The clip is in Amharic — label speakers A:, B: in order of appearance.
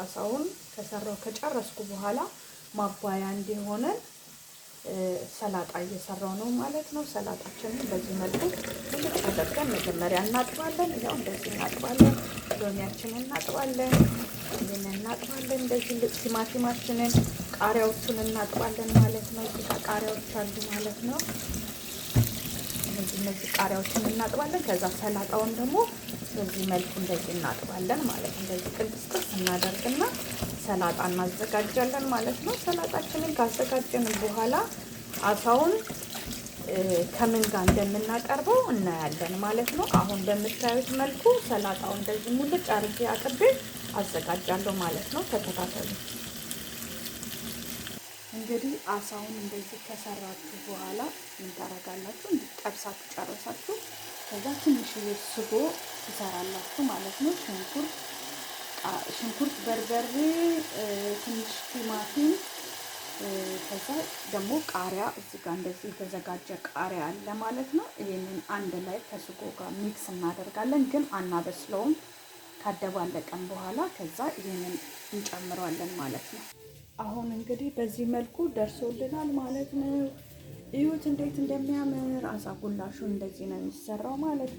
A: አሳውን ከሰራው ከጨረስኩ በኋላ ማባያ እንዲሆነ ሰላጣ እየሰራው ነው ማለት ነው። ሰላጣችንን በዚህ መልኩ ልጭ መጀመሪያ እናጥባለን። ያው እንደዚህ እናጥባለን። ሎሚያችንን እናጥባለን። ይህን እናጥባለን። እንደዚህ ልጭ ቲማቲማችንን፣ ቃሪያዎቹን እናጥባለን ማለት ነው። እዚህ ጋር ቃሪያዎች አሉ ማለት ነው። እነዚህ ቃሪያዎችን እናጥባለን። ከዛ ሰላጣውን ደግሞ በዚህ መልኩ እንደዚህ እናጥባለን ማለት ነው። እንደዚህ ቅድስት እናደርግና ሰላጣ እናዘጋጃለን ማለት ነው። ሰላጣችንን ካዘጋጀን በኋላ አሳውን ከምን ጋር እንደምናቀርበው እናያለን ማለት ነው። አሁን በምታዩት መልኩ ሰላጣው እንደዚህ ሙልጭ አርጌ አቅቤ አዘጋጃለሁ ማለት ነው። ተከታተሉ። እንግዲህ አሳውን እንደዚህ ከሰራችሁ በኋላ እንታረጋላችሁ እንዲጠብሳችሁ ጨረሳችሁ፣ ከዛ ትንሽ ስጎ ትሰራላችሁ ማለት ነው ሽንኩርት በርበሬ፣ ትንሽ ቲማቲም፣ ከዛ ደግሞ ቃሪያ እዚህ ጋር እንደዚህ የተዘጋጀ ቃሪያ አለ ማለት ነው። ይህንን አንድ ላይ ከስጎ ጋር ሚክስ እናደርጋለን፣ ግን አናበስለውም። ካደባለቀን በኋላ ከዛ ይህንን እንጨምረዋለን ማለት ነው። አሁን እንግዲህ በዚህ መልኩ ደርሶልናል ማለት ነው። እዩት እንዴት እንደሚያምር አሳ ጉላሹ እንደዚህ ነው የሚሰራው ማለት ነው።